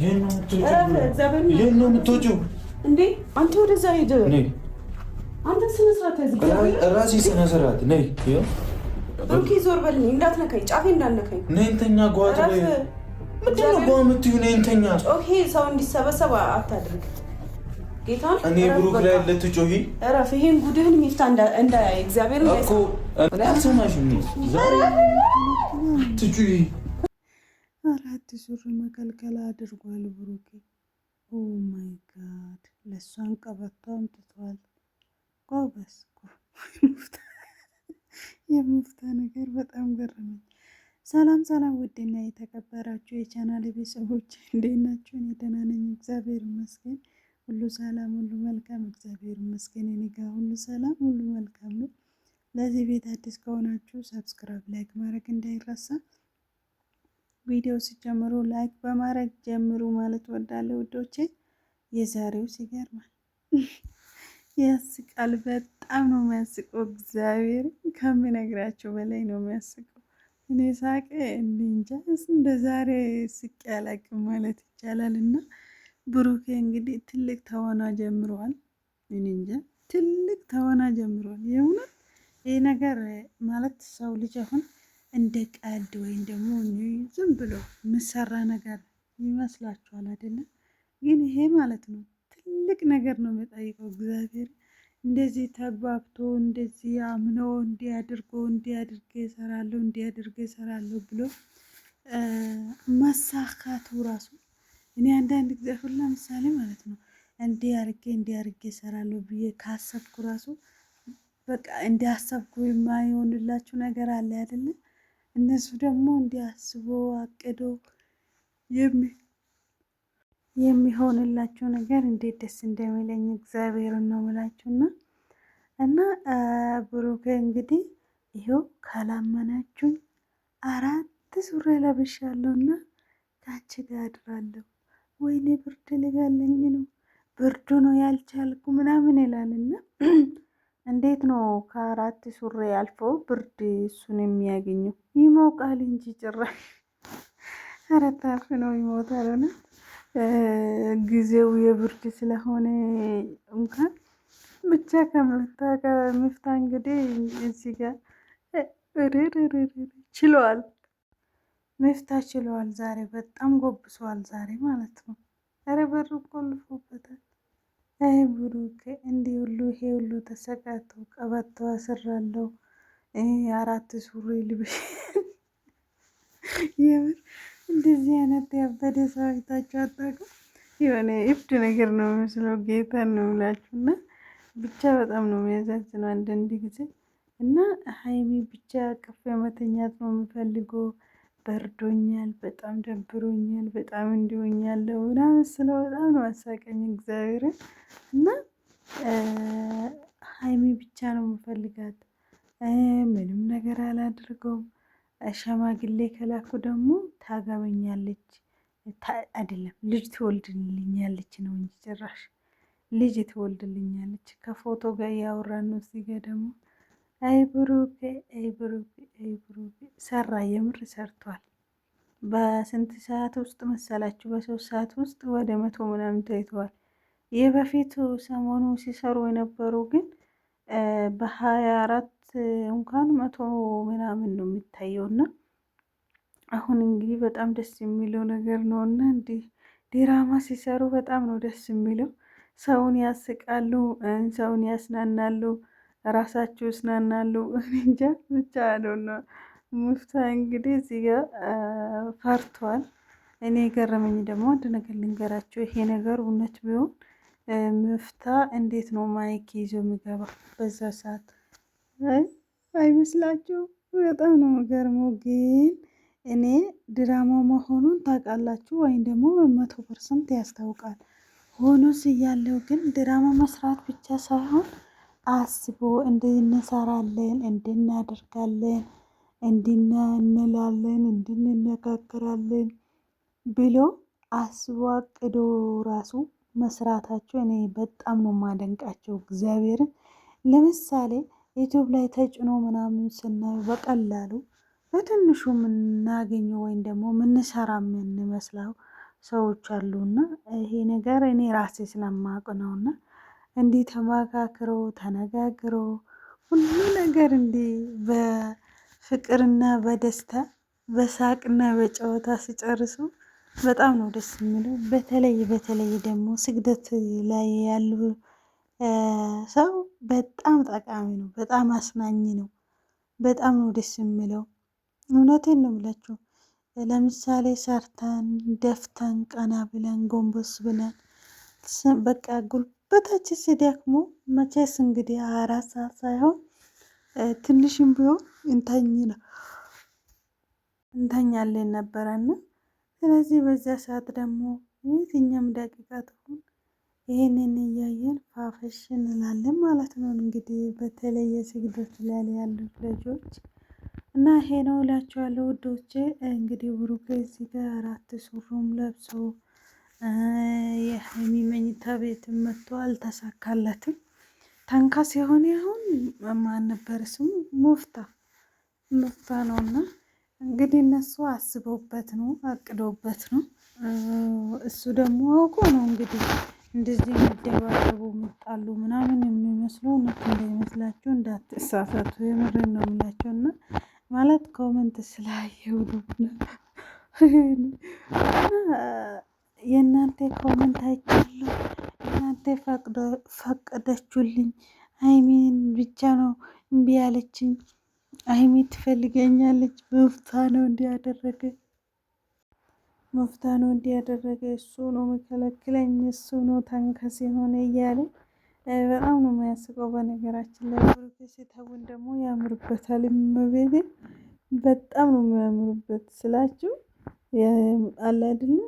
ይሄን ነው የምትወጪው እንዴ? አንተ ወደዛ ሄድ። አንተ ስነ ስርዓት ያዝ። ራሴ ስነ ስርዓት ነይ። ብሩኬ ዞር በልኝ፣ እንዳትነካኝ፣ ጫፌ እንዳትነካኝ። ነይ እንተኛ። ጓት ላይ ምንድን ነው ጓት የምትይው? ነይ እንተኛ። ጮሄ ሰው እንዲሰበሰብ አታድርግ። ጌታ እኔ ብሩክ ላይ ልትጮሂ እረፍ። ይሄን ጉድህን ሚፍታ እንዳ እግዚአብሔር እኮ አልሰማሽም ትጩሂ ሱሪ መከልከል አድርጓል ብሩኬ። ኦ ማይ ጋድ ለእሷን ቀበቶ አምጥቷል። ጎበስ የሙፍታ ነገር በጣም ገረመኝ። ሰላም ሰላም፣ ውድና የተከበራችሁ የቻናል ቤተሰቦች እንዴት ናችሁ? እኔ ደህና ነኝ፣ እግዚአብሔር ይመስገን። ሁሉ ሰላም፣ ሁሉ መልካም፣ እግዚአብሔር ይመስገን። እኔ ሁሉ ሰላም፣ ሁሉ መልካም ነው። ለዚህ ቤት አዲስ ከሆናችሁ ሰብስክራይብ፣ ላይክ ማድረግ እንዳይረሳ ቪዲዮ ሲጀምሩ ላይክ በማድረግ ጀምሩ ማለት ወዳለ ውዶቼ። የዛሬው ሲገርማል ያስቃል። በጣም ነው የሚያስቀው። እግዚአብሔር ከሚነግራቸው በላይ ነው የሚያስቀው። እኔ ሳቄ እንጃ እንደ ዛሬ ስቄ ማለት ይቻላል። እና ብሩኬ እንግዲህ ትልቅ ተወና ጀምሯል። እንጃ ትልቅ ተዋና ጀምረዋል። የእውነት ይህ ነገር ማለት ሰው ልጅ አሁን እንደ ቀልድ ወይም ደግሞ ዝም ብሎ የምሰራ ነገር ይመስላችኋል አይደለም? ግን ይሄ ማለት ነው ትልቅ ነገር ነው የሚጠይቀው እግዚአብሔር። እንደዚህ ተግባብቶ እንደዚህ አምኖ እንዲያድርጎ እንዲያድርገ ይሰራለሁ እንዲያድርገ ይሰራለሁ ብሎ መሳካቱ ራሱ እኔ አንዳንድ ጊዜ አሁን ለምሳሌ ማለት ነው እንዲህ አድርጌ እንዲህ ብዬ ካሰብኩ ራሱ በቃ እንዲያሰብኩ የማይሆንላችሁ ነገር አለ አይደለም? እነሱ ደግሞ እንዲያስቡ አቅዶ የሚሆንላቸው ነገር እንዴት ደስ እንደሚለኝ እግዚአብሔርን ነው ምላችሁና እና እና እንግዲህ ይኸው ካላመናችሁኝ አራት ሱሪ ለብሻለሁ እና ታች ጋር አድራለሁ። ወይኔ ብርድ ልጋለኝ ነው ብርዱ ነው ያልቻልኩ ምናምን ይላልና እንዴት ነው ከአራት ሱሪ አልፎ ብርድ እሱን የሚያገኘው? ይሞቃል እንጂ ጭራሽ አረታፍ ነው ይሞታል። ሆነ ጊዜው የብርድ ስለሆነ እንኳን ብቻ ከምፍታ ከምፍታ እንግዲህ እዚህ ጋር ችለዋል፣ መፍታ ችለዋል። ዛሬ በጣም ጎብሰዋል ዛሬ ማለት ነው። ኧረ በሩ ቆልፎበታል። አይ ብሩክ እንዲህ ሁሉ ይሄ ሁሉ ተሰቃቶ ቀበቶ አስራለሁ አራት ሱሪ ልብሽ የምር እንደዚህ አይነት ያበደ ሰው አይታችሁ አታውቁም። የሆነ እብድ ነገር ነው የሚመስለው። ጌታን ነው የምላችሁ እና ብቻ በጣም ነው የሚያሳዝነው አንዳንድ ጊዜ እና ሀይሚ ብቻ ቀፍ መተኛት ነው የምፈልገው በርዶኛል፣ በጣም ደብሮኛል፣ በጣም እንዲሆኛለሁ ምናምን ስለው በጣም ነው አሳቀኝ እግዚአብሔርን እና ሀይሚ ብቻ ነው የምፈልጋት ምንም ነገር አላድርገውም። ሸማግሌ ከላኩ ደግሞ ታገበኛለች አይደለም ልጅ ትወልድልኛለች ነው እንጂ ጭራሽ ልጅ ትወልድልኛለች። ከፎቶ ጋር ያወራን ነው ሲገ ጋ ደግሞ አይ ብሩኬ፣ አይ ብሩኬ፣ አይ ብሩኬ ሰራ። የምር ሰርቷል። በስንት ሰዓት ውስጥ መሰላችሁ? በሶስት ሰዓት ውስጥ ወደ መቶ ምናምን ታይተዋል። የበፊቱ በፊቱ ሰሞኑ ሲሰሩ የነበሩ ግን በሀያ አራት እንኳን መቶ ምናምን ነው የሚታየው እና አሁን እንግዲህ በጣም ደስ የሚለው ነገር ነው እና እንዲህ ዲራማ ሲሰሩ በጣም ነው ደስ የሚለው። ሰውን ያስቃሉ፣ ሰውን ያስናናሉ። ራሳቸው ይስናናሉ። እንጃ ብቻ ያለው ሙፍታ እንግዲህ እዚህ ጋ ፈርቷል። እኔ የገረመኝ ደግሞ አንድ ነገር ልንገራቸው። ይሄ ነገር እውነት ቢሆን ሙፍታ እንዴት ነው ማይክ ይዞ የሚገባ በዛ ሰዓት? አይመስላችሁ? በጣም ነው የሚገርመው። ግን እኔ ድራማ መሆኑን ታውቃላችሁ ወይም ደግሞ መቶ ፐርሰንት ያስታውቃል። ሆኖስ እያለው ግን ድራማ መስራት ብቻ ሳይሆን አስቦ እንድንሰራለን፣ እንድናደርጋለን፣ እንድናንላለን፣ እንድንነጋገራለን ብሎ አስቦ አቅዶ ራሱ መስራታቸው እኔ በጣም ነው ማደንቃቸው እግዚአብሔርን። ለምሳሌ ዩቱብ ላይ ተጭኖ ምናምን ስናዩ በቀላሉ በትንሹ የምናገኘው ወይም ደግሞ ምንሰራ የምንመስለው ሰዎች አሉና ይሄ ነገር እኔ ራሴ ስለማውቅ ነውና እንዲህ ተማካክረው ተነጋግረው ሁሉ ነገር እንዲህ በፍቅርና በደስታ በሳቅና በጨዋታ ሲጨርሱ በጣም ነው ደስ የሚለው። በተለይ በተለይ ደግሞ ስግደት ላይ ያሉ ሰው በጣም ጠቃሚ ነው፣ በጣም አስናኝ ነው፣ በጣም ነው ደስ የሚለው። እውነቴን ነው የምላችሁ። ለምሳሌ ሰርተን ደፍተን ቀና ብለን ጎንበስ ብለን በቃ በታች ሲደክሙ መቼስ እንግዲህ አራት ሰዓት ሳይሆን ትንሽም ቢሆን እንተኝና እንተኛለን ነበረና ስለዚህ በዚያ ሰዓት ደግሞ የትኛም ደቂቃ ትሆን ይህንን እያየን ፋፈሽ እንላለን ማለት ነው። እንግዲህ በተለየ ስግደት ላይ ያሉት ልጆች እና ይሄ ነው እላችኋለሁ ውዶቼ። እንግዲህ ብሩኬ እዚህ ጋር አራት ሱሩም ለብሶ የሀይሚ መኝታ ቤት መጥቶ አልተሳካለትም። ተንካስ የሆነ አሁን ማን ነበር ስሙ ሞፍታ ሙፍታ ነው። እና እንግዲህ እነሱ አስበውበት ነው አቅዶበት ነው። እሱ ደግሞ አውቆ ነው እንግዲህ እንደዚህ የሚደባደቡ የሚጣሉ ምናምን የሚመስሉ እውነት እንዳይመስላችሁ እንዳትሳሳቱ፣ የምር ነው የምላቸው እና ማለት ኮመንት ስላየው ነው የእናንተ ኮመንት አይቻለሁ። እናንተ ፈቀደችሁልኝ። ሀይሚን ብቻ ነው እምቢ ያለችኝ። ሀይሚ ትፈልገኛለች። መፍታ ነው እንዲያደረገ መፍታ ነው እንዲያደረገ እሱ ነው መከለክለኝ፣ እሱ ነው ታንከስ የሆነ እያለ በጣም ነው የሚያስቀው። በነገራችን ላይ ብሩኬ ሲተውን ደግሞ ያምርበታል። መቤቴ በጣም ነው የሚያምርበት ስላችሁ አለ አይደለም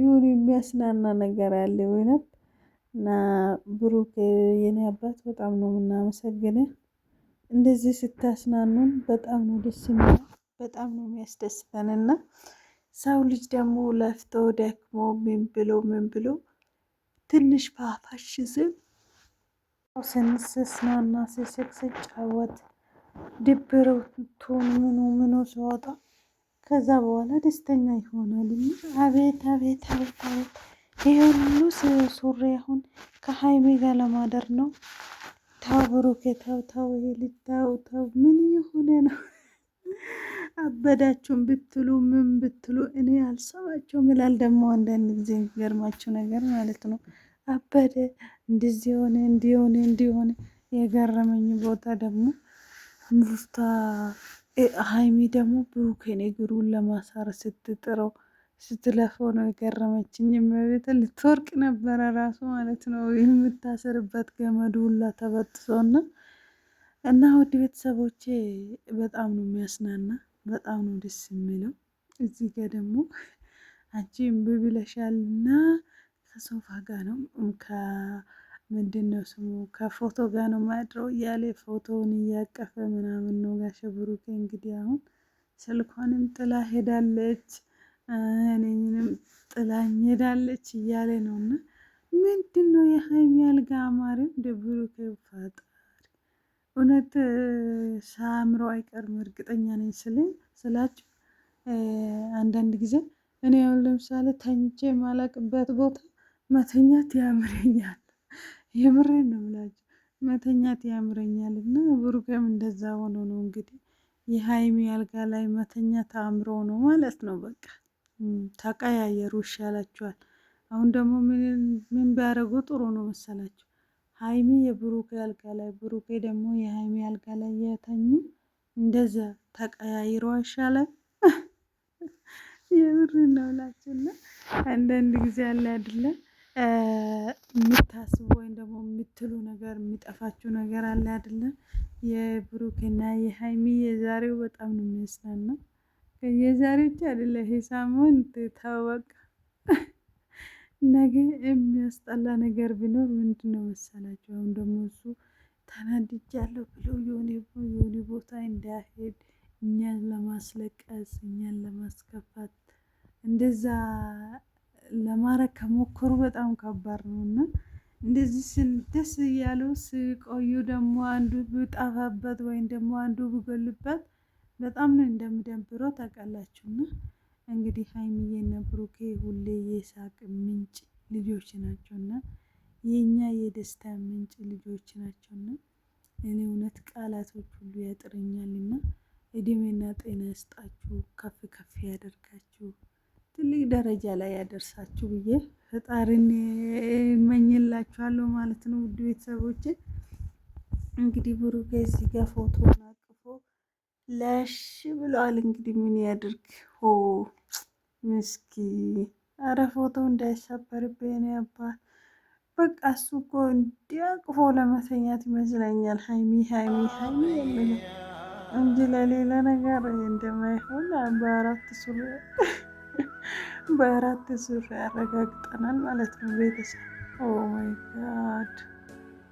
ይሁን የሚያስናና ነገር አለ ወይነት እና ብሩክ የኔ አባት በጣም ነው የምናመሰግንህ። እንደዚህ ስታስናኑን በጣም ነው ደስ የሚለው፣ በጣም ነው የሚያስደስተን እና ሰው ልጅ ደግሞ ለፍቶ ደክሞ ምን ብሎ ምን ብሎ ትንሽ ፋፋሽ ስል ስንስስናና ስስቅ ስጫወት ድብረቱን ምኑ ምኑ ሲወጣ ከዛ በኋላ ደስተኛ ይሆናል። አቤት አቤት አቤት አቤት! ይሄ ሁሉ ሱሪ አሁን ከሀይሜ ጋር ለማደር ነው። ተው ብሩኬ ተው ተው፣ ይሄ ልጅ ተው ተው፣ ምን የሆነ ነው? አበዳችሁን ብትሉ ምን ብትሉ እኔ አልሰማቸው ምላል። ደግሞ አንዳንድ ጊዜ የሚገርማቸው ነገር ማለት ነው። አበደ እንደዚህ የሆነ እንዲሆነ እንዲሆነ የገረመኝ ቦታ ደግሞ ሙፍታ ሀይሚ ደግሞ ብሩኬን እግሩን ለማሳር ስትጥረው ስትለፈው ነው የገረመችኝ። የሚቤት ልትወርቅ ነበረ ራሱ ማለት ነው የምታስርበት ገመዱ ሁላ ተበጥሶና እና ውድ ቤተሰቦቼ በጣም ነው የሚያስናና፣ በጣም ነው ደስ የሚለው። እዚህ ጋ ደግሞ አንቺ እምቢ ብለሻልና ከሶፋ ጋ ነው ምንድን ነው ስሙ ከፎቶ ጋር ነው ማድረው እያለ ፎቶውን እያቀፈ ምናምን ነው ጋሸ ብሩኬ። እንግዲህ አሁን ስልኳንም ጥላ ሄዳለች፣ እኔንም ጥላኝ ሄዳለች እያለ ነው እና ምንድን ነው የሀይሚ አልጋ አማሪም ደብሩኬ ፈጣሪ እውነት ሳምሮ አይቀርም እርግጠኛ ነኝ ስል ስላችሁ አንዳንድ ጊዜ እኔ አሁን ለምሳሌ ተኝቼ የማላቅበት ቦታ መተኛት ያምረኛል። የምሬ ነው የምላችሁ መተኛት ያምረኛል እና ብሩኬም እንደዛ ሆኖ ነው እንግዲህ የሀይሚ አልጋ ላይ መተኛት አምሮ ነው ማለት ነው። በቃ ተቀያየሩ ይሻላችኋል። አሁን ደግሞ ምን ቢያደርጉ ጥሩ ነው መሰላችሁ? ሀይሚ የብሩኬ አልጋ ላይ፣ ብሩኬ ደግሞ የሀይሚ አልጋ ላይ የተኙ እንደዛ ተቀያይሮ ይሻላል። የምር ነው ላችሁና አንዳንድ ጊዜ አለ አይደለ የምትሉ ነገር የሚጠፋችሁ ነገር አለ አይደለ? የብሩክና የሀይሚ የዛሬው በጣም ነው የሚያስናናው። የዛሬው ብቻ አይደለ፣ ሳምንት ታወቀ። ነገ የሚያስጠላ ነገር ቢኖር ምንድን ነው መሰላችሁ? አሁን ደግሞ እሱ ተናድጃለሁ ብሎ የሆነ ቦታ እንዳይሄድ እኛን ለማስለቀስ እኛን ለማስከፋት እንደዛ ለማረግ ከሞከሩ በጣም ከባድ ነው እና እንደዚህ ስንደስ እያሉ ስቆዩ ደግሞ አንዱ ብጠፋበት ወይም ደግሞ አንዱ ብጎልበት በጣም ነው እንደሚደብረው ታውቃላችሁና፣ እንግዲህ ሀይሚዬና ብሩኬ ሁሌ የሳቅ ምንጭ ልጆች ናቸውና የእኛ የደስታ ምንጭ ልጆች ናቸውና እኔ እውነት ቃላቶች ሁሉ ያጥረኛልና እድሜና ጤና ይስጣችሁ፣ ከፍ ከፍ ያደርጋችሁ። ትልቅ ደረጃ ላይ ያደርሳችሁ ብዬ ፈጣሪን እመኝላችኋለሁ ማለት ነው። ውድ ቤተሰቦች እንግዲህ ብሩኬ እዚህ ጋር ፎቶን አቅፎ ለሽ ብለዋል። እንግዲህ ምን ያድርግ? ሆ ምስኪ አረ ፎቶ እንዳይሰበርብን ያባት በቃ እሱ እኮ እንዲያቅፎ አቅፎ ለመተኛት ይመስለኛል። ሀይሚ ሀይሚ ሀይሚ የሚለው እንጂ ለሌላ ነገር እንደማይሆን በአራት ሱሉ በአራት ዙር ያረጋግጠናል ማለት ነው። ቤተሰብ ኦ ማይ ጋድ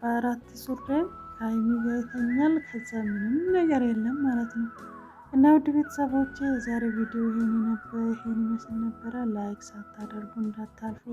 በአራት ዙር ላይ ከሀይሚ ይተኛል። ከዛ ምንም ነገር የለም ማለት ነው። እና ውድ ቤተሰቦች የዛሬ ቪዲዮ ይሄን ነበር ይሄን ይመስል ነበረ። ላይክ ሳታደርጉ እንዳታልፉ።